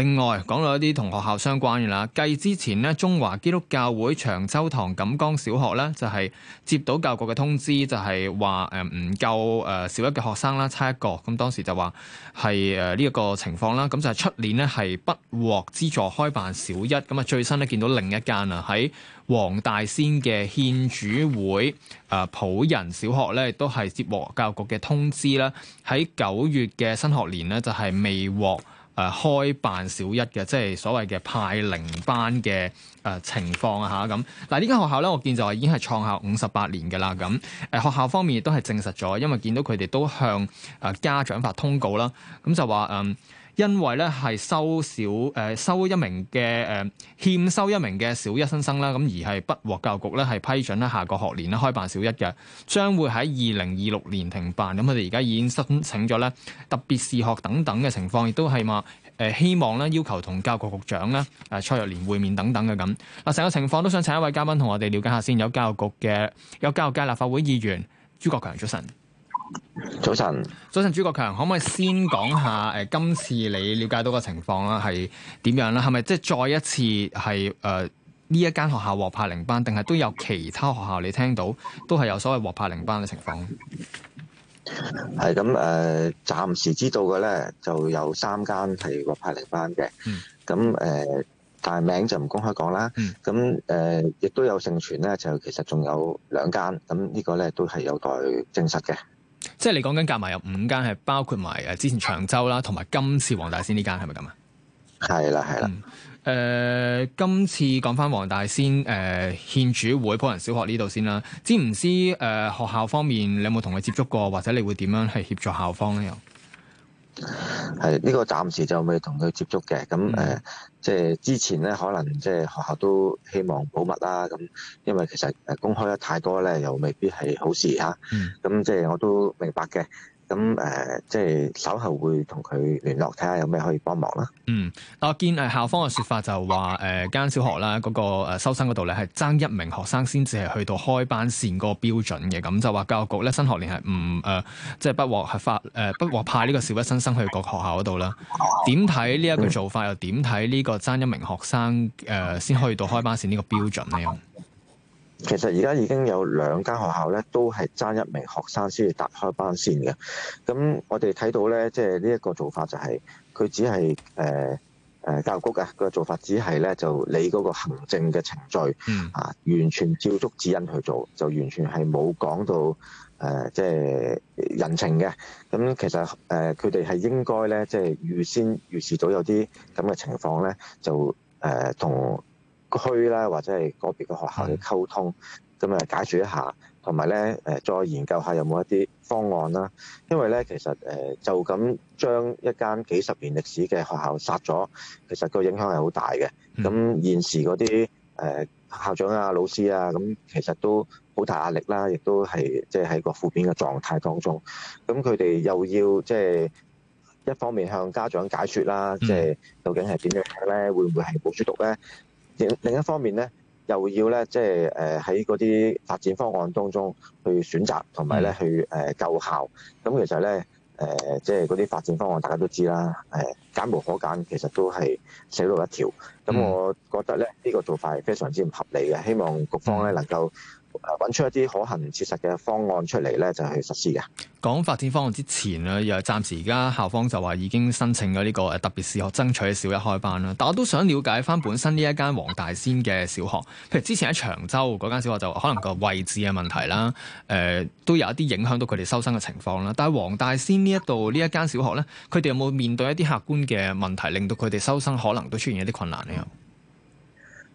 另外，講到一啲同學校相關嘅啦，繼之前呢，中華基督教會長洲堂錦江小學咧就係、是、接到教育局嘅通知，就係話誒唔夠誒小一嘅學生啦，差一個，咁當時就話係誒呢一個情況啦，咁就係出年呢，係不獲資助開辦小一，咁啊最新咧見到另一間啊喺黃大仙嘅獻主會誒、啊、溥仁小學咧，亦都係接獲教育局嘅通知啦，喺九月嘅新學年呢，就係、是、未獲。誒開辦小一嘅，即係所謂嘅派零班嘅誒、呃、情況啊嚇咁。嗱，呢間學校咧，我見就已經係創校五十八年嘅啦咁。誒、呃、學校方面亦都係證實咗，因為見到佢哋都向誒、呃、家長發通告啦，咁就話誒。呃因為咧係收少誒、呃、收一名嘅誒、呃、欠收一名嘅小一新生啦，咁而係不獲教育局咧係批准咧下個學年啦開辦小一嘅，將會喺二零二六年停辦。咁佢哋而家已經申請咗咧特別視學等等嘅情況，亦都係話誒希望咧要求同教育局局長咧誒蔡若蓮會面等等嘅咁。嗱，成個情況都想請一位嘉賓同我哋了解一下先。有教育局嘅有教育界立法會議員朱國強，早晨。早晨，早晨，朱國強，可唔可以先講下誒、呃，今次你了解到個情況啦，係點樣啦？係咪即係再一次係誒、呢、呃、一間學校獲派零班，定係都有其他學校你聽到都係有所謂獲派零班嘅情況？係咁，誒，暫、呃、時知道嘅咧就有三間係獲派零班嘅。咁、嗯、誒、呃，大名就唔公開講啦。咁、嗯、誒、呃，亦都有盛傳咧，就其實仲有兩間，咁呢個咧都係有待證實嘅。即係你講緊夾埋有五間係包括埋誒之前長洲啦，同埋今次黃大仙呢間係咪咁啊？係啦，係啦，誒、嗯呃、今次講翻黃大仙誒獻、呃、主會溥仁小學呢度先啦，知唔知誒、呃、學校方面你有冇同佢接觸過，或者你會點樣去協助校方咧？又？係呢、呢個暫時就未同佢接觸嘅，咁誒，即係、呃即係、之前咧，可能即係學校都希望保密啦。咁因為其實誒公開得太多咧，又未必係好事吓、啊。咁即係我都明白嘅。咁、呃、即係稍後會同佢聯絡，睇下有咩可以幫忙啦。嗯，但我見誒校方嘅說法就話誒、呃、間小學啦，嗰個修收生嗰度咧係爭一名學生先至係去到開班線個標準嘅。咁就話教育局咧新學年係唔即係不獲合法不獲派呢個小一新生，生去個學校嗰度啦。點睇呢一個做法？又點睇呢個爭一名學生先、呃、可以到開班線呢個標準咧？其實而家已經有兩間學校咧，都係爭一名學生先至達開班線嘅。咁我哋睇到咧，即係呢一個做法就係、是、佢只係誒誒教育局嘅個做法只係呢，只係咧就你嗰個行政嘅程序、嗯、啊，完全照足指引去做，就完全係冇講到誒即係人情嘅。咁其實誒佢哋係應該咧，即係預先預示到有啲咁嘅情況咧，就誒、是、同。區啦，或者係個別個學校嘅溝通，咁誒解説一下，同埋咧再研究下有冇一啲方案啦。因為咧，其實就咁將一間幾十年歷史嘅學校殺咗，其實個影響係好大嘅。咁現時嗰啲、呃、校長啊、老師啊，咁其實都好大壓力啦，亦都係即係喺個負面嘅狀態當中。咁佢哋又要即係一方面向家長解説啦，即係究竟係點樣咧？會唔會係冇書讀咧？另一方面咧，又要咧，即係誒喺嗰啲發展方案當中去選擇，同埋咧去誒、呃、救校。咁其實咧，誒、呃、即係嗰啲發展方案，大家都知啦，誒、呃、揀無可揀，其實都係死路一條。咁我覺得咧，呢、呢個做法係非常之唔合理嘅，希望局方咧能夠，誒揾，出一啲可行切實嘅方案出嚟咧，就係去實施嘅。講發展方案之前咧，又暫時而家校方就話已經申請咗呢個特別試學，爭取的小一開班啦。但我都想了解翻本身呢一間黃大仙嘅小學，譬如之前喺長洲嗰間小學就可能個位置嘅問題啦，誒、呃、都有一啲影響到佢哋收生嘅情況啦。但係黃大仙呢一度呢一間小學咧，佢哋有冇面對一啲客觀嘅問題，令到佢哋收生可能都出現一啲困難咧？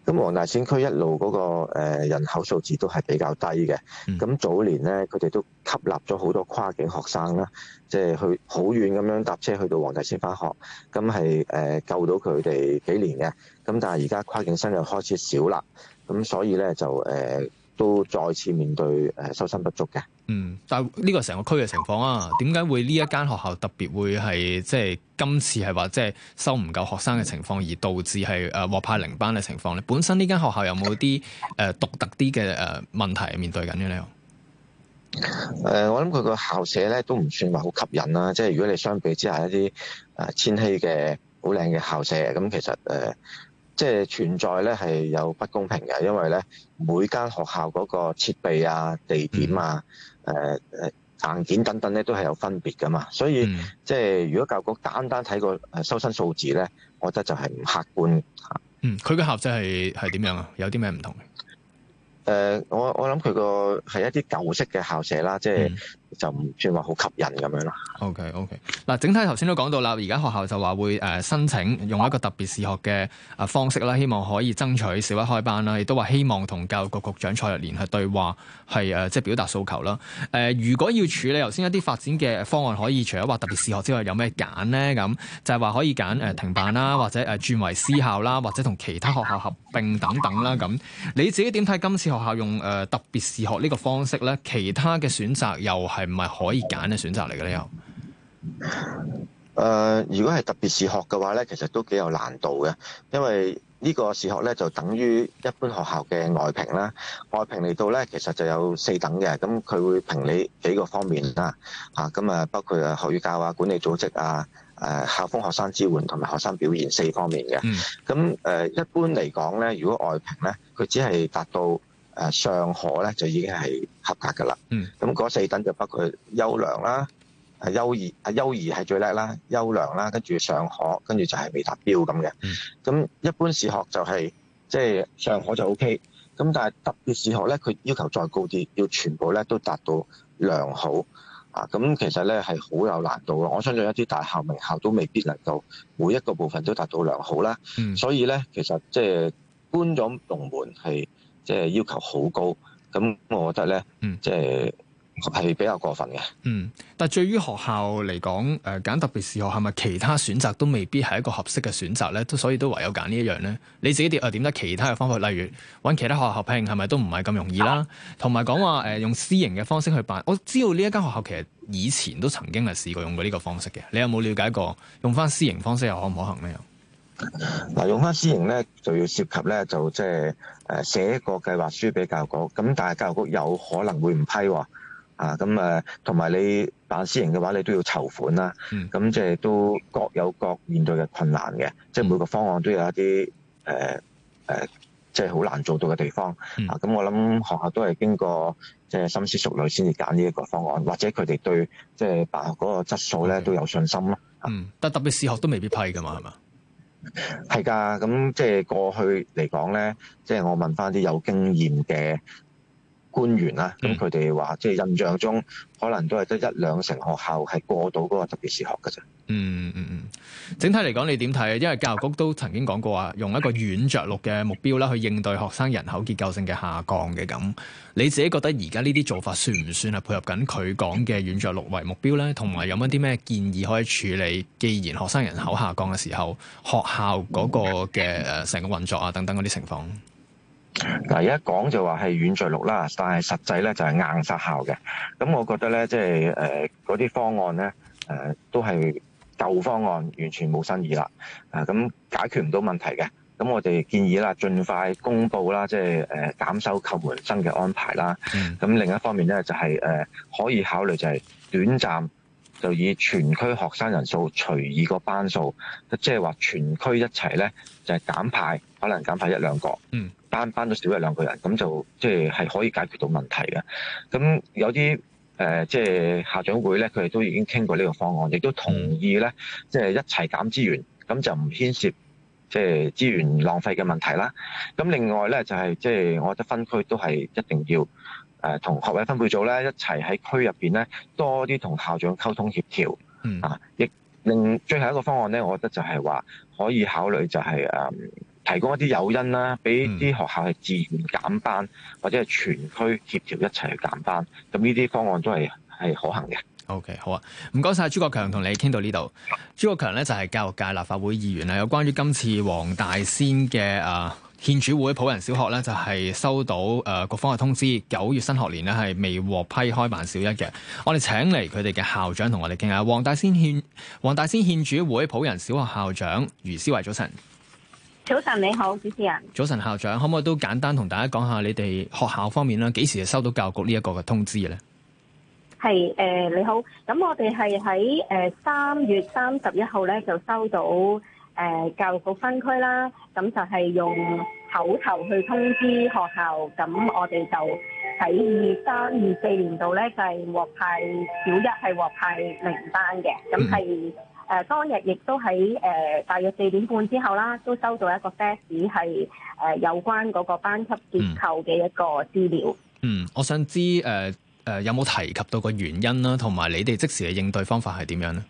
咁黃大仙區一路嗰個誒人口數字都係比較低嘅。咁、嗯、早年咧佢哋都吸納咗好多跨境學生啦，即係去好遠咁樣搭車去到黃大仙返學，咁係誒救到佢哋幾年嘅，咁但係而家跨境生又開始少啦，咁所以咧就誒。呃都再次面對誒、呃、收生不足嘅。嗯，但係呢個成個區嘅情況啊，點解會呢一間學校特別會係即係今次係話即係收唔夠學生嘅情況，而導致係誒獲派零班嘅情況咧？本身呢間學校有冇啲誒獨特啲嘅誒問題面對緊嘅咧？誒、呃，我諗佢個校舍咧都唔算話好吸引啦、啊。即係如果你相比之下一啲誒、呃、千禧嘅好靚嘅校舍，咁、嗯、其實誒。呃即係存在咧，係有不公平嘅，因為咧每間學校嗰個設備啊、地點啊、誒、嗯、誒、呃、硬件等等咧，都係有分別噶嘛。所以、嗯、即係如果教局單單睇個收生數字咧，我覺得就係唔客觀吓。嗯，佢嘅校制係係點樣啊？有啲咩唔同？誒、呃，我我諗佢個係一啲舊式嘅校舍啦，即係就唔、是、算話好吸引咁樣啦。OK OK。嗱，整體頭先都講到啦，而家學校就話會誒申請用一個特別視學嘅啊方式啦，希望可以爭取小一開班啦，亦都話希望同教育局局長蔡若蓮去對話，係誒即係表達訴求啦。誒、呃，如果要處理頭先一啲發展嘅方案，可以除咗話特別視學之外，有咩揀呢？咁就係話可以揀誒停辦啦，或者誒轉為私校啦，或者同其他學校合併等等啦。咁你自己點睇今次？學校用誒特別視學呢個方式咧，其他嘅選擇又係唔係可以揀嘅選擇嚟嘅咧？又、呃、誒，如果係特別視學嘅話咧，其實都幾有難度嘅，因為這個呢個視學咧就等於一般學校嘅外評啦。外評嚟到咧，其實就有四等嘅，咁佢會評你幾個方面啦，啊，咁啊包括誒，學與教啊，管理組織啊，誒校風、學生支援同埋學生表現四方面嘅。咁、嗯、誒、呃，一般嚟講咧，如果外評咧，佢只係達到。誒尚可咧就已經係合格㗎啦，嗯，咁嗰四等就包括優良啦，啊，優異啊，優異係最叻啦，優良啦，跟住尚可，跟住就係未達標咁嘅，嗯，咁一般視學就係即係尚可就 OK，咁但係特別視學咧，佢要求再高啲，要全部咧都達到良好，啊，咁其實咧係好有難度嘅，我相信一啲大校名校都未必能夠每一個部分都達到良好啦，嗯，所以咧其實即係搬咗龍門係。即係要求好高，咁我覺得咧，嗯，即係係比較過分嘅。嗯，但係對於學校嚟講，誒揀特別士學係咪其他選擇都未必係一個合適嘅選擇咧？都所以都唯有揀呢一樣咧。你自己點啊？點解其他嘅方法，例如揾其他學校合併，係咪都唔係咁容易啦？同埋講話誒，用私營嘅方式去辦，我知道呢一間學校其實以前都曾經係試過用過呢個方式嘅。你有冇了解過用翻私營方式又可唔可行呢？嗱，用翻私營咧，就要涉及咧，就即係誒寫一個計劃書俾教育局，咁但係教育局有可能會唔批喎，啊，咁、啊、誒，同埋你辦私營嘅話，你都要籌款啦，咁即係都各有各面對嘅困難嘅，即、就、係、是、每個方案都有一啲誒誒，即係好難做到嘅地方，嗯、啊，咁我諗學校都係經過即係、就是、深思熟慮先至揀呢一個方案，或者佢哋對即係辦學嗰個質素咧、嗯、都有信心咯。嗯，但特別市學都未必批噶嘛，係嘛？係噶，咁即係過去嚟講咧，即係我問翻啲有經驗嘅。官員呀，咁佢哋話，即係印象中，可能都係得一兩成學校係過到嗰個特別時學嘅啫。嗯嗯嗯，整體嚟講，你點睇？因為教育局都曾經講過話，用一個軟着陸嘅目標啦，去應對學生人口結構性嘅下降嘅咁。你自己覺得而家呢啲做法算唔算係配合緊佢講嘅軟着陸為目標咧？同埋有冇啲咩建議可以處理？既然學生人口下降嘅時候，學校嗰個嘅誒成個運作啊，等等嗰啲情況。嗱、嗯，一講就話係軟著陸啦，但係實際咧就係硬殺校嘅。咁我覺得咧，即係誒嗰啲方案咧，誒、呃、都係舊方案，完全冇新意啦。啊、呃，咁解決唔到問題嘅。咁我哋建議啦，盡快公布啦，即係誒減收、扣援、生嘅安排啦。咁、嗯、另一方面咧，就係、是、誒、呃、可以考慮就係短暫就以全區學生人數除以個班數，即係話全區一齊咧就係減派，可能減派一兩個。嗯。班班都少一兩個人，咁就即係、就是、可以解決到問題嘅。咁有啲誒、即係校長會咧，佢哋都已經傾過呢個方案，亦都同意咧，即、就、係、是、一齊減資源，咁就唔牽涉即係、就是、資源浪費嘅問題啦。咁另外咧，就係即係我覺得分區都係一定要同、呃、學位分配組咧一齊喺區入邊咧多啲同校長溝通協調、嗯、啊。亦嗯，最後一個方案咧，我覺得就係話可以考慮就係、是、誒。嗯提供一啲誘因啦，俾啲學校係自然減班，嗯、或者係全區協調一齊去減班，咁呢啲方案都係係可行嘅。OK，好啊，唔該晒朱國強同你傾到呢度。朱國強咧就係教育界立法會議員啦，有關於今次黃大仙嘅啊獻主會溥仁小學咧，就係收到誒各方嘅通知，九月新學年呢係未獲批開辦小一嘅。我哋請嚟佢哋嘅校長同我哋傾下。黃大仙獻黃大仙獻主會溥仁小學校長余詩慧早晨。早晨你好，主持人。早晨校長，可唔可以都簡單同大家講下你哋學校方面啦？幾時就收到教育局呢一個嘅通知咧？係誒，你好。咁我哋係喺誒三月三十一號咧就收到誒教育局分區啦。咁就係用口頭去通知學校。咁我哋就喺二三二四年度咧就係獲派小一係獲派名單嘅。咁係。誒當日亦都喺誒、呃、大約四點半之後啦，都收到一個 fax 係誒有關嗰個班級結構嘅一個資料。嗯，我想知誒誒、呃呃、有冇提及到個原因啦，同埋你哋即時嘅應對方法係點樣咧？誒、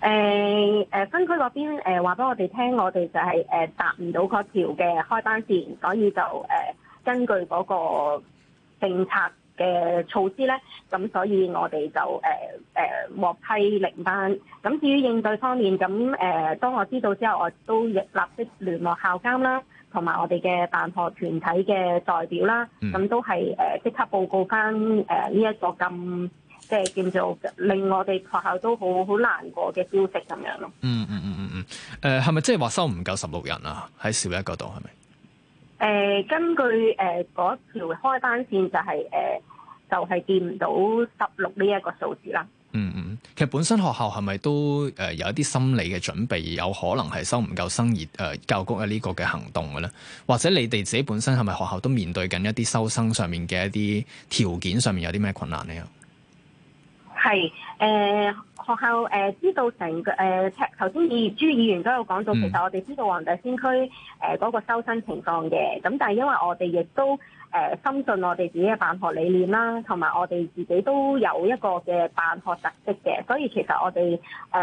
呃、誒、呃，分區嗰邊誒話俾我哋聽，我哋就係、是、誒、呃、達唔到嗰條嘅開班線，所以就誒、呃、根據嗰個政策，嘅措施咧，咁所以我哋就誒誒獲批零班。咁至於應對方面，咁誒、呃、當我知道之後，我都亦立即聯絡校監啦，同埋我哋嘅辦學團體嘅代表啦，咁都係誒、呃、即刻報告返誒呢一個咁即係叫做令我哋學校都好好難過嘅消息咁樣咯。嗯嗯嗯嗯嗯，誒係咪即係話收唔夠十六人啊？喺小一嗰度係咪？誒、呃，根據誒嗰條開班線就係、是、誒、呃，就係、是、見唔到十六呢一個數字啦。嗯嗯，其實本身學校係咪都誒、呃、有一啲心理嘅準備，有可能係收唔夠生而誒、呃、教育局嘅呢個嘅行動嘅咧？或者你哋自己本身係咪學校都面對緊一啲收生上面嘅一啲條件上面有啲咩困難咧？係誒。呃學校、呃、知道成個誒，頭先朱議員都有講到，其實我哋知道黃大仙區誒嗰個收生情況嘅。咁但係因為我哋亦都誒、呃、深信我哋自己嘅辦學理念啦，同埋我哋自己都有一個嘅辦學特色嘅，所以其實我哋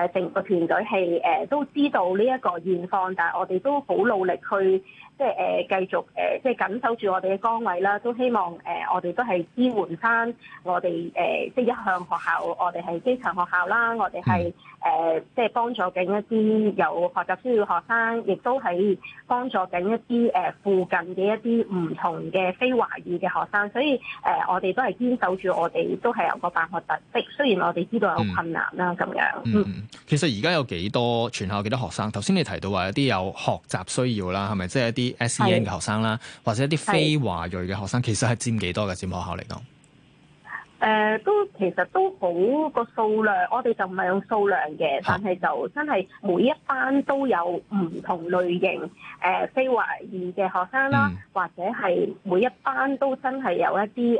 誒成個團隊係誒、呃、都知道呢一個現況，但係我哋都好努力去，即係誒、呃、繼續誒、呃，即係緊守住我哋嘅崗位啦，都希望誒、呃、我哋都係支援翻我哋誒、呃，即係一向學校，我哋係基層學校啦，我哋係誒，即係幫助緊一啲有學習需要嘅學生，亦都係幫助緊一啲誒、呃、附近嘅一啲唔同嘅非華語嘅學生，所以誒、呃、我哋都係堅守住我哋都係有個辦學特色，雖然我哋知道有困難啦咁、嗯、樣。嗯，嗯，其實而家有幾多全校幾多學生？頭先你提到話有啲有學習需要啦，係咪即係一啲？S.E.N 嘅學生啦，或者一啲非華裔嘅學生，其實係佔幾多嘅佔學校嚟講？誒、呃，都其實都好個數量，我哋就唔係用數量嘅、啊，但係就真係每一班都有唔同類型誒、呃、非華裔嘅學生啦、嗯，或者係每一班都真係有一啲誒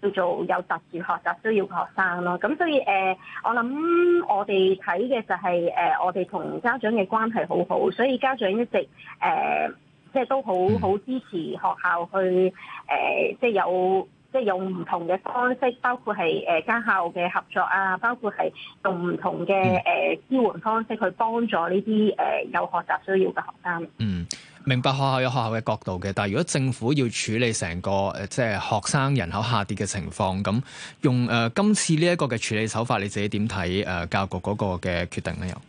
叫做有特殊學習需要嘅學生咯。咁所以誒、呃，我諗我哋睇嘅就係、是、誒、呃，我哋同家長嘅關係好好，所以家長一直誒。呃即係都好好支持學校去誒、呃、即係有即係用唔同嘅方式，包括係誒家校嘅合作啊，包括係用唔同嘅誒、呃、支援方式去幫助呢啲誒有學習需要嘅學生。嗯，明白學校有學校嘅角度嘅，但係如果政府要處理成個誒、呃、即係學生人口下跌嘅情況，咁用誒、呃、今次呢一個嘅處理手法，你自己點睇誒教育局嗰個嘅決定咧？又？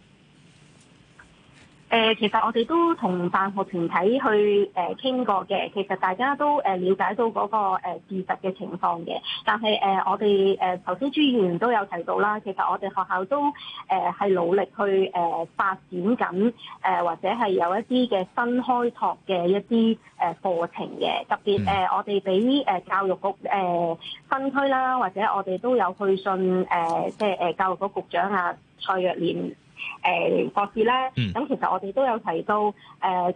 誒、呃，其實我哋都同辦學團體去誒傾、呃、過嘅，其實大家都誒瞭、呃、解到嗰、那個、呃、事實嘅情況嘅。但係誒、呃，我哋誒頭先朱議員都有提到啦，其實我哋學校都誒係、呃、努力去誒、呃、發展緊誒、呃，或者係有一啲嘅新開拓嘅一啲誒課程嘅。特別誒、mm -hmm. 呃，我哋俾誒教育局誒、呃、分區啦，或者我哋都有去信誒、呃，即係誒教育局局長啊蔡若蓮。誒博士咧，咁、嗯、其實我哋都有提到誒，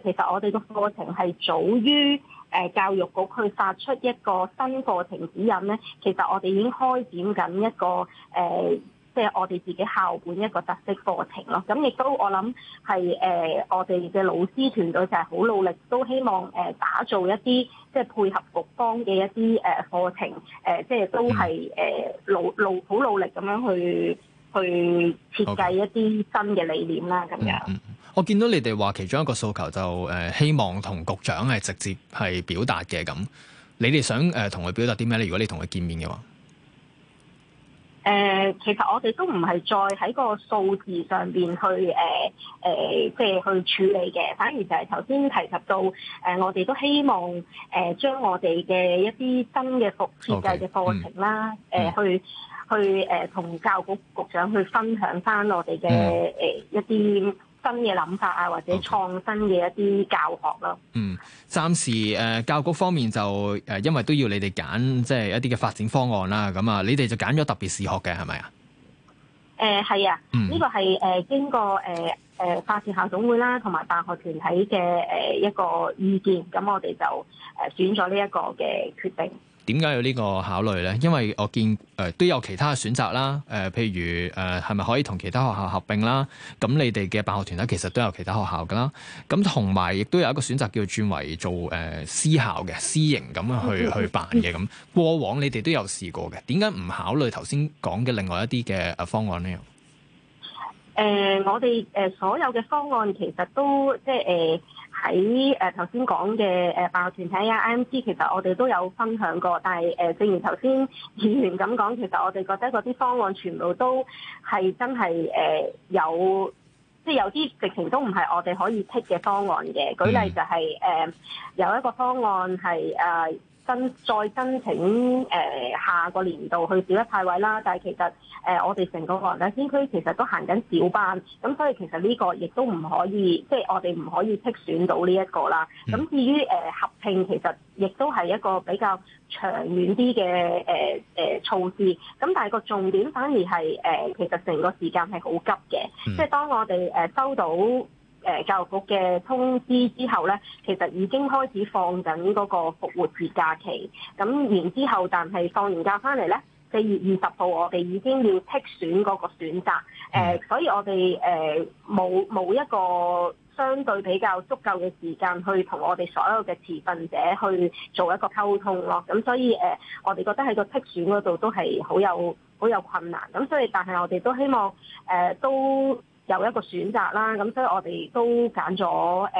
其實我哋嘅課程係早於誒教育局去發出一個新課程指引咧，其實我哋已經開展緊一個誒，即、呃、係、就是、我哋自己校本一個特色課程咯。咁亦都我諗係誒，我哋嘅老師團隊就係好努力，都希望誒打造一啲即係配合局方嘅一啲誒課程，誒即係都係誒努努好努力咁樣去。去設計一啲新嘅理念啦，咁、okay. 樣。Mm -hmm. 我見到你哋話其中一個訴求就誒希望同局長係直接係表達嘅。咁，你哋想誒同佢表達啲咩咧？如果你同佢見面嘅話，誒、呃、其實我哋都唔係再喺個數字上面去誒誒、呃呃，即係去處理嘅，反而就係頭先提及到誒、呃，我哋都希望誒、呃、將我哋嘅一啲新嘅課設計嘅課程啦，誒、okay. 呃 mm -hmm. 去。去誒同、呃、教育局局長去分享返我哋嘅誒一啲新嘅諗法啊，或者創新嘅一啲教學啦。嗯，暫時誒、呃、教育局方面就誒因為都要你哋揀，即係一啲嘅發展方案啦。咁、呃、啊，你哋就揀咗特別視學嘅係咪啊？誒係啊，呢個係誒經過誒誒、呃呃、發展校總會啦，同埋辦學團體嘅誒一個意見。咁我哋就誒選咗呢一個嘅決定。點解要有呢個考慮咧？因為我見誒、呃、都有其他嘅選擇啦，誒、呃、譬如誒係咪可以同其他學校合併啦？咁你哋嘅辦學團體其實都有其他學校噶啦，咁同埋亦都有一個選擇叫轉為做誒、呃、私校嘅私營咁樣去去辦嘅咁。咁過往你哋都有試過嘅，點解唔考慮頭先講嘅另外一啲嘅誒方案呢？誒、 呃，我哋誒、呃、所有嘅方案其實都即係誒喺誒頭先講嘅誒辦學團體啊、IMC，其實我哋都有分享過。但係誒、呃，正如頭先議員咁講，其實我哋覺得嗰啲方案全部都係真係誒、呃、有，即係有啲直情都唔係我哋可以剔嘅方案嘅。舉例就係、是、誒、呃、有一個方案係誒。呃申再申請、呃、下個年度去小一派位啦，但係其實誒、呃、我哋成個黃大仙區其實都行緊小班，咁所以其實呢個亦都唔可以，即係我哋唔可以剔選到呢一個啦。咁至於誒、呃、合併，其實亦都係一個比較長遠啲嘅誒措施，咁但係個重點反而係誒、呃、其實成個時間係好急嘅，嗯、即係當我哋、呃、收到。誒教育局嘅通知之後呢，其實已經開始放緊嗰個復活節假期。咁然之後，但係放完假翻嚟呢，四月二十號我哋已經要剔選嗰個選擇。嗯，所以我哋誒冇冇一個相對比較足夠嘅時間去同我哋所有嘅持份者去做一個溝通咯。咁所以我哋覺得喺個剔選嗰度都係好有好有困難。咁所以，但係我哋都希望都。有一個選擇啦，咁所以我哋都揀咗誒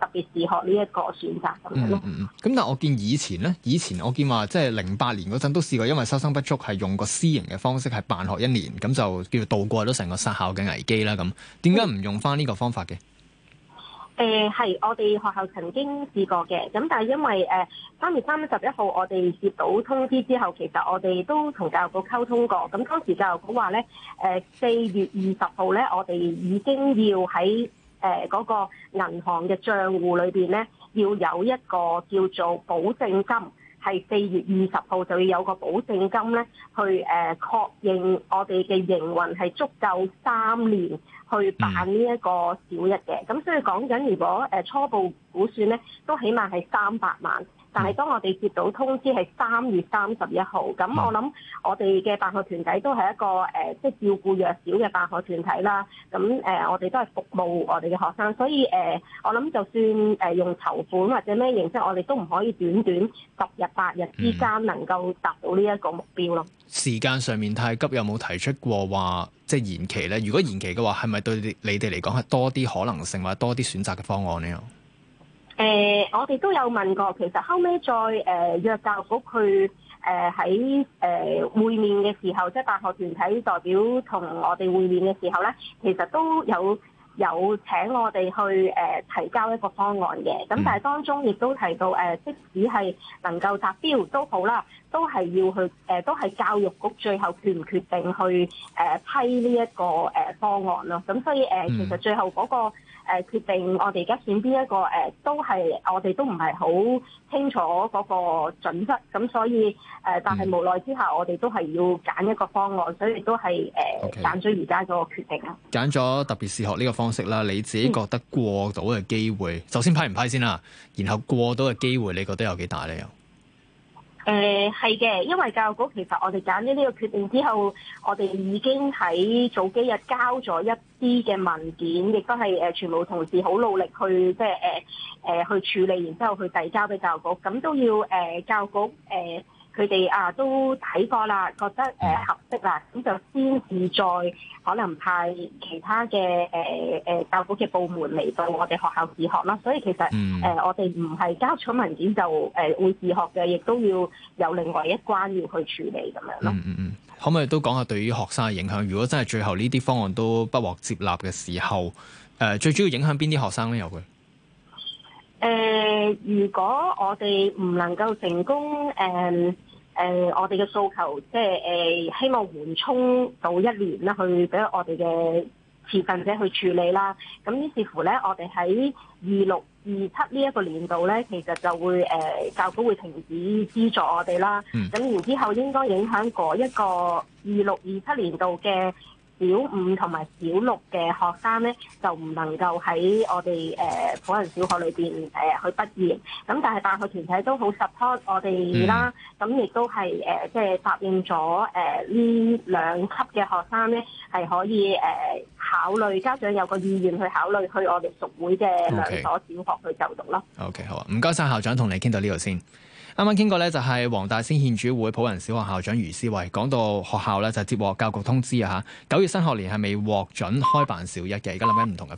特別自學呢一個選擇咁樣咯。咁、嗯嗯、但係我見以前呢，以前我見話即係零八年嗰陣都試過，因為收生不足係用個私營嘅方式係辦學一年，咁就叫做渡過咗成個殺校嘅危機啦。咁點解唔用返呢個方法嘅？嗯誒，係我哋學校曾經試過嘅，咁但係因為誒三月三十一號我哋接到通知之後，其實我哋都同教育局溝通過，咁當時教育局話咧，誒四月二十號咧，我哋已經要喺誒嗰個銀行嘅賬戶裏邊咧，要有一個叫做保證金。係四月二十號就要有個保證金咧，去誒確認我哋嘅營運係足夠三年去辦呢一個小一嘅，咁所以講緊如果誒初步估算咧，都起碼係三百萬。但係當我哋接到通知係三月三十一號，咁我諗我哋嘅辦學團體都係一個誒，即、呃、係照顧弱小嘅辦學團體啦。咁、呃、誒，我哋都係服務我哋嘅學生，所以誒、呃，我諗就算誒用籌款或者咩形式，我哋都唔可以短短十日八日之間能夠達到呢一個目標咯、嗯。時間上面太急，有冇提出過話即係延期咧？如果延期嘅話，係咪對你哋嚟講係多啲可能性或者多啲選擇嘅方案咧？誒、呃，我哋都有問過，其實後尾再誒約教育局佢誒喺誒會面嘅時候，即、就、係、是、辦學團體代表同我哋會面嘅時候咧，其實都有有請我哋去誒、呃、提交一個方案嘅。咁但係當中亦都提到誒、呃，即使係能夠達標都好啦，都係要去誒、呃，都係教育局最後決唔決定去誒、呃、批呢、這、一個誒方案咯。咁、呃、這個呃、所以誒、呃嗯，其實最後嗰、那個。誒、呃、決定我哋而家選邊一個誒、呃，都係我哋都唔係好清楚嗰個準則，咁所以誒、呃，但係無奈之下，我哋都係要揀一個方案，所以都係誒揀咗而家個決定啊，揀、呃、咗、okay. 特別視學呢個方式啦。你自己覺得過得到嘅機會，首、嗯、先批唔批先啦，然後過到嘅機會，你覺得有幾大咧？誒係嘅，因為教育局其實我哋揀咗呢個決定之後，我哋已經喺早幾日交咗一啲嘅文件，亦都係誒、呃、全部同事好努力去即係誒誒去處理，然之後去遞交俾教育局，咁都要誒、呃、教育局誒、呃佢哋啊都睇過啦，覺得誒、呃、合適啦，咁就先至再可能派其他嘅誒誒教育嘅部門嚟到我哋學校視學啦。所以其實誒、嗯呃、我哋唔係交咗文件就誒會視學嘅，亦都要有另外一關要去處理咁樣咯。嗯嗯，嗯，可唔可以都講下對於學生嘅影響？如果真係最後呢啲方案都不獲接納嘅時候，誒、呃、最主要影響邊啲學生咧？有佢。誒、呃，如果我哋唔能夠成功，誒、呃、誒、呃，我哋嘅訴求，即係誒、呃，希望緩衝到一年啦，去俾我哋嘅持份者去處理啦。咁於是乎咧，我哋喺二六二七呢一個年度咧，其實就會誒、呃、教會會停止資助我哋啦。咁、嗯、然之後應該影響嗰一個二六二七年度嘅小五同埋小六嘅學生咧，就唔能夠喺我哋誒、呃、溥仁小學裏面、呃、去畢業。咁但係，辦學團體都好 support 我哋啦。咁、嗯、亦都係即係答應咗呢兩級嘅學生咧，係可以、呃、考慮家長有個意願去考慮去我哋屬會嘅兩所小學去就讀咯。O、okay. K、okay. 好啊，唔該晒，校長同你傾到呢度先。啱啱傾過嘅就係黃大仙獻主會溥仁小學校長余詩慧講到學校就接獲教育局通知，九月新學年係未獲准開辦小一嘅，而家諗緊唔同嘅